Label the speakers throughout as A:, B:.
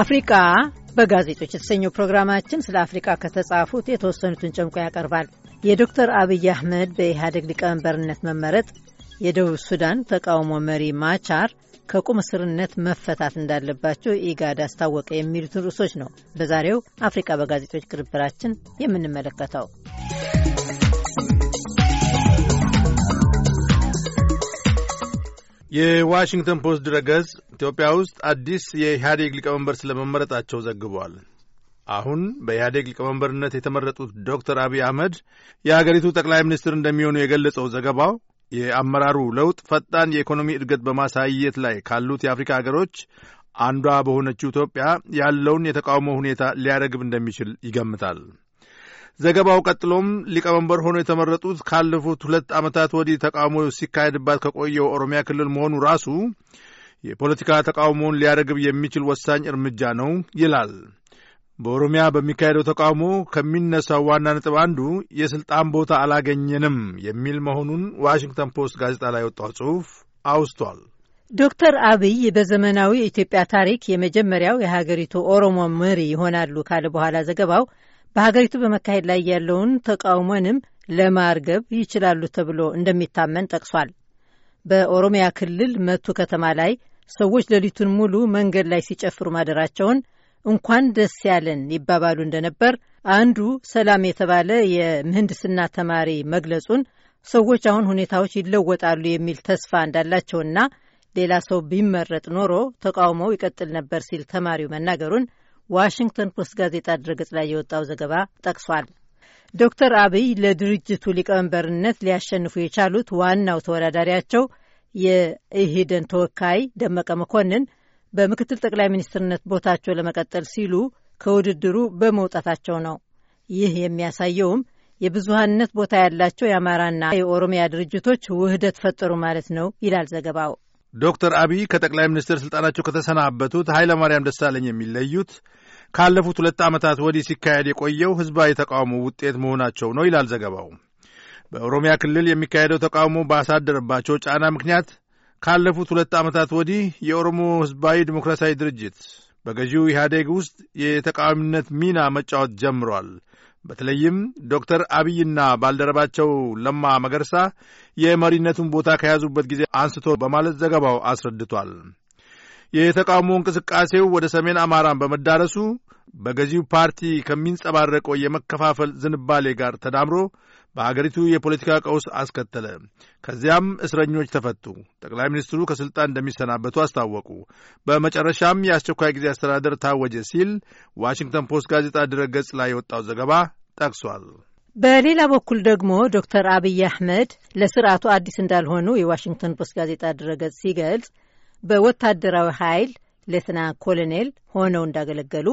A: አፍሪቃ በጋዜጦች የተሰኘው ፕሮግራማችን ስለ አፍሪቃ ከተጻፉት የተወሰኑትን ጨምቆ ያቀርባል። የዶክተር አብይ አህመድ በኢህአዴግ ሊቀመንበርነት መመረጥ፣ የደቡብ ሱዳን ተቃውሞ መሪ ማቻር ከቁም እስርነት መፈታት እንዳለባቸው ኢጋድ አስታወቀ የሚሉትን ርዕሶች ነው በዛሬው አፍሪቃ በጋዜጦች ቅርብራችን የምንመለከተው።
B: የዋሽንግተን ፖስት ድረገጽ ኢትዮጵያ ውስጥ አዲስ የኢህአዴግ ሊቀመንበር ስለመመረጣቸው ዘግቧል። አሁን በኢህአዴግ ሊቀመንበርነት የተመረጡት ዶክተር አብይ አህመድ የአገሪቱ ጠቅላይ ሚኒስትር እንደሚሆኑ የገለጸው ዘገባው የአመራሩ ለውጥ ፈጣን የኢኮኖሚ እድገት በማሳየት ላይ ካሉት የአፍሪካ አገሮች አንዷ በሆነችው ኢትዮጵያ ያለውን የተቃውሞ ሁኔታ ሊያረግብ እንደሚችል ይገምታል። ዘገባው ቀጥሎም ሊቀመንበር ሆኖ የተመረጡት ካለፉት ሁለት ዓመታት ወዲህ ተቃውሞ ሲካሄድባት ከቆየው ኦሮሚያ ክልል መሆኑ ራሱ የፖለቲካ ተቃውሞውን ሊያረግብ የሚችል ወሳኝ እርምጃ ነው ይላል። በኦሮሚያ በሚካሄደው ተቃውሞ ከሚነሳው ዋና ነጥብ አንዱ የሥልጣን ቦታ አላገኘንም የሚል መሆኑን ዋሽንግተን ፖስት ጋዜጣ ላይ ወጣው ጽሑፍ አውስቷል።
A: ዶክተር አብይ በዘመናዊ የኢትዮጵያ ታሪክ የመጀመሪያው የሀገሪቱ ኦሮሞ መሪ ይሆናሉ ካለ በኋላ ዘገባው በሀገሪቱ በመካሄድ ላይ ያለውን ተቃውሞንም ለማርገብ ይችላሉ ተብሎ እንደሚታመን ጠቅሷል። በኦሮሚያ ክልል መቱ ከተማ ላይ ሰዎች ሌሊቱን ሙሉ መንገድ ላይ ሲጨፍሩ ማደራቸውን እንኳን ደስ ያለን ይባባሉ እንደነበር አንዱ ሰላም የተባለ የምህንድስና ተማሪ መግለጹን ሰዎች አሁን ሁኔታዎች ይለወጣሉ የሚል ተስፋ እንዳላቸውና ሌላ ሰው ቢመረጥ ኖሮ ተቃውሞው ይቀጥል ነበር ሲል ተማሪው መናገሩን ዋሽንግተን ፖስት ጋዜጣ ድረገጽ ላይ የወጣው ዘገባ ጠቅሷል። ዶክተር አብይ ለድርጅቱ ሊቀመንበርነት ሊያሸንፉ የቻሉት ዋናው ተወዳዳሪያቸው የኢህደን ተወካይ ደመቀ መኮንን በምክትል ጠቅላይ ሚኒስትርነት ቦታቸው ለመቀጠል ሲሉ ከውድድሩ በመውጣታቸው ነው። ይህ የሚያሳየውም የብዙሀንነት ቦታ ያላቸው የአማራና የኦሮሚያ ድርጅቶች ውህደት ፈጠሩ ማለት ነው ይላል ዘገባው።
B: ዶክተር አብይ ከጠቅላይ ሚኒስትር ስልጣናቸው ከተሰናበቱት ኃይለማርያም ደሳለኝ የሚለዩት ካለፉት ሁለት ዓመታት ወዲህ ሲካሄድ የቆየው ሕዝባዊ ተቃውሞ ውጤት መሆናቸው ነው ይላል ዘገባው። በኦሮሚያ ክልል የሚካሄደው ተቃውሞ ባሳደረባቸው ጫና ምክንያት ካለፉት ሁለት ዓመታት ወዲህ የኦሮሞ ሕዝባዊ ዲሞክራሲያዊ ድርጅት በገዢው ኢህአዴግ ውስጥ የተቃዋሚነት ሚና መጫወት ጀምሯል። በተለይም ዶክተር አብይና ባልደረባቸው ለማ መገርሳ የመሪነቱን ቦታ ከያዙበት ጊዜ አንስቶ በማለት ዘገባው አስረድቷል። የተቃውሞ እንቅስቃሴው ወደ ሰሜን አማራን በመዳረሱ በገዢው ፓርቲ ከሚንጸባረቀው የመከፋፈል ዝንባሌ ጋር ተዳምሮ በአገሪቱ የፖለቲካ ቀውስ አስከተለ። ከዚያም እስረኞች ተፈቱ። ጠቅላይ ሚኒስትሩ ከሥልጣን እንደሚሰናበቱ አስታወቁ። በመጨረሻም የአስቸኳይ ጊዜ አስተዳደር ታወጀ ሲል ዋሽንግተን ፖስት ጋዜጣ ድረገጽ ላይ የወጣው ዘገባ ጠቅሷል።
A: በሌላ በኩል ደግሞ ዶክተር አብይ አህመድ ለስርዓቱ አዲስ እንዳልሆኑ የዋሽንግተን ፖስት ጋዜጣ ድረገጽ ሲገልጽ በወታደራዊ ኃይል ሌተና ኮሎኔል ሆነው እንዳገለገሉ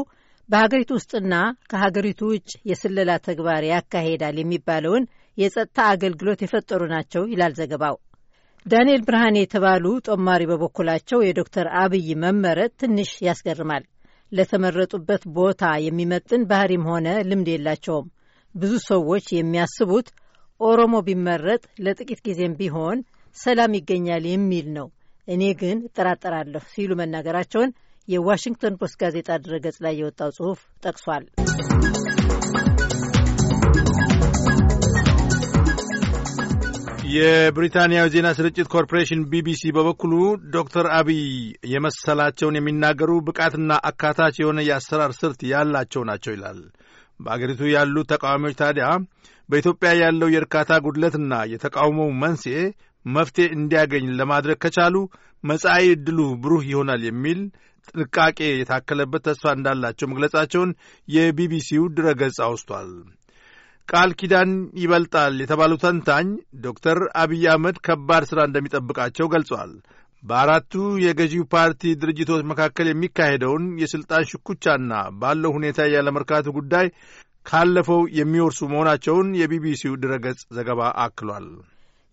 A: በሀገሪቱ ውስጥና ከሀገሪቱ ውጭ የስለላ ተግባር ያካሂዳል የሚባለውን የጸጥታ አገልግሎት የፈጠሩ ናቸው ይላል ዘገባው። ዳንኤል ብርሃኔ የተባሉ ጦማሪ በበኩላቸው የዶክተር አብይ መመረጥ ትንሽ ያስገርማል። ለተመረጡበት ቦታ የሚመጥን ባህሪም ሆነ ልምድ የላቸውም። ብዙ ሰዎች የሚያስቡት ኦሮሞ ቢመረጥ ለጥቂት ጊዜም ቢሆን ሰላም ይገኛል የሚል ነው እኔ ግን እጠራጠራለሁ ሲሉ መናገራቸውን የዋሽንግተን ፖስት ጋዜጣ ድረገጽ ላይ የወጣው ጽሑፍ ጠቅሷል።
B: የብሪታንያው ዜና ስርጭት ኮርፖሬሽን ቢቢሲ በበኩሉ ዶክተር አብይ የመሰላቸውን የሚናገሩ ብቃትና አካታች የሆነ የአሰራር ስርት ያላቸው ናቸው ይላል። በአገሪቱ ያሉት ተቃዋሚዎች ታዲያ በኢትዮጵያ ያለው የእርካታ ጉድለትና የተቃውሞው መንስኤ መፍትሄ እንዲያገኝ ለማድረግ ከቻሉ መጻኢ ዕድሉ ብሩህ ይሆናል የሚል ጥንቃቄ የታከለበት ተስፋ እንዳላቸው መግለጻቸውን የቢቢሲው ገጽ አውስቷል። ቃል ኪዳን ይበልጣል የተባሉ ተንታኝ ዶክተር አብይ አህመድ ከባድ ሥራ እንደሚጠብቃቸው ገልጿል። በአራቱ የገዢው ፓርቲ ድርጅቶች መካከል የሚካሄደውን የሥልጣን ሽኩቻና ባለው ሁኔታ ያለመርካቱ ጉዳይ ካለፈው የሚወርሱ መሆናቸውን የቢቢሲው ድረገጽ ዘገባ አክሏል።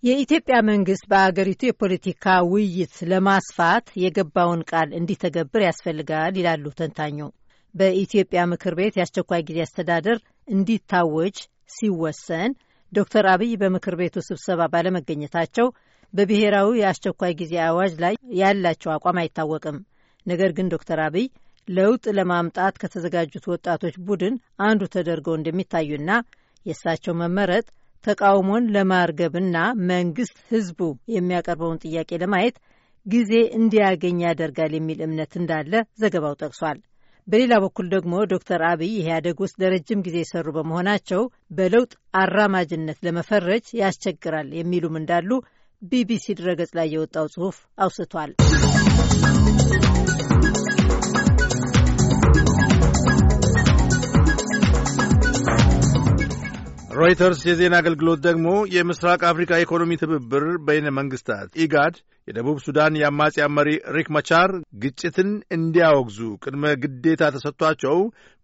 A: የኢትዮጵያ መንግስት በአገሪቱ የፖለቲካ ውይይት ለማስፋት የገባውን ቃል እንዲተገብር ያስፈልጋል ይላሉ ተንታኙ። በኢትዮጵያ ምክር ቤት የአስቸኳይ ጊዜ አስተዳደር እንዲታወጅ ሲወሰን ዶክተር አብይ በምክር ቤቱ ስብሰባ ባለመገኘታቸው በብሔራዊ የአስቸኳይ ጊዜ አዋጅ ላይ ያላቸው አቋም አይታወቅም። ነገር ግን ዶክተር አብይ ለውጥ ለማምጣት ከተዘጋጁት ወጣቶች ቡድን አንዱ ተደርገው እንደሚታዩና የእሳቸው መመረጥ ተቃውሞን ለማርገብና መንግስት ህዝቡ የሚያቀርበውን ጥያቄ ለማየት ጊዜ እንዲያገኝ ያደርጋል የሚል እምነት እንዳለ ዘገባው ጠቅሷል። በሌላ በኩል ደግሞ ዶክተር አብይ ኢህአዴግ ውስጥ ለረጅም ጊዜ የሰሩ በመሆናቸው በለውጥ አራማጅነት ለመፈረጅ ያስቸግራል የሚሉም እንዳሉ ቢቢሲ ድረገጽ ላይ የወጣው ጽሑፍ አውስቷል።
B: ሮይተርስ የዜና አገልግሎት ደግሞ የምስራቅ አፍሪካ ኢኮኖሚ ትብብር በይነ መንግስታት ኢጋድ የደቡብ ሱዳን የአማጽያን መሪ ሪክ መቻር ግጭትን እንዲያወግዙ ቅድመ ግዴታ ተሰጥቷቸው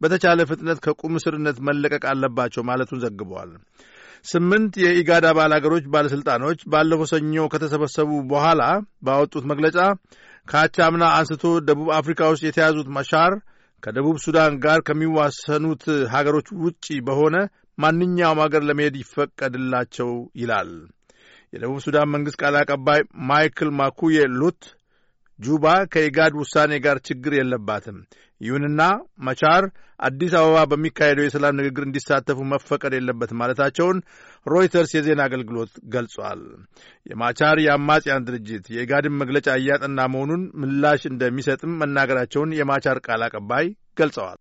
B: በተቻለ ፍጥነት ከቁም እስርነት መለቀቅ አለባቸው ማለቱን ዘግበዋል። ስምንት የኢጋድ አባል አገሮች ባለሥልጣኖች ባለፈው ሰኞ ከተሰበሰቡ በኋላ ባወጡት መግለጫ ከአቻምና አንስቶ ደቡብ አፍሪካ ውስጥ የተያዙት መሻር ከደቡብ ሱዳን ጋር ከሚዋሰኑት ሀገሮች ውጪ በሆነ ማንኛውም አገር ለመሄድ ይፈቀድላቸው ይላል። የደቡብ ሱዳን መንግሥት ቃል አቀባይ ማይክል ማኩዬ ሉት ጁባ ከኢጋድ ውሳኔ ጋር ችግር የለባትም። ይሁንና መቻር አዲስ አበባ በሚካሄደው የሰላም ንግግር እንዲሳተፉ መፈቀድ የለበት ማለታቸውን ሮይተርስ የዜና አገልግሎት ገልጿል። የማቻር የአማጽያን ድርጅት የኢጋድን መግለጫ እያጠና መሆኑን ምላሽ እንደሚሰጥም መናገራቸውን የማቻር ቃል አቀባይ ገልጸዋል።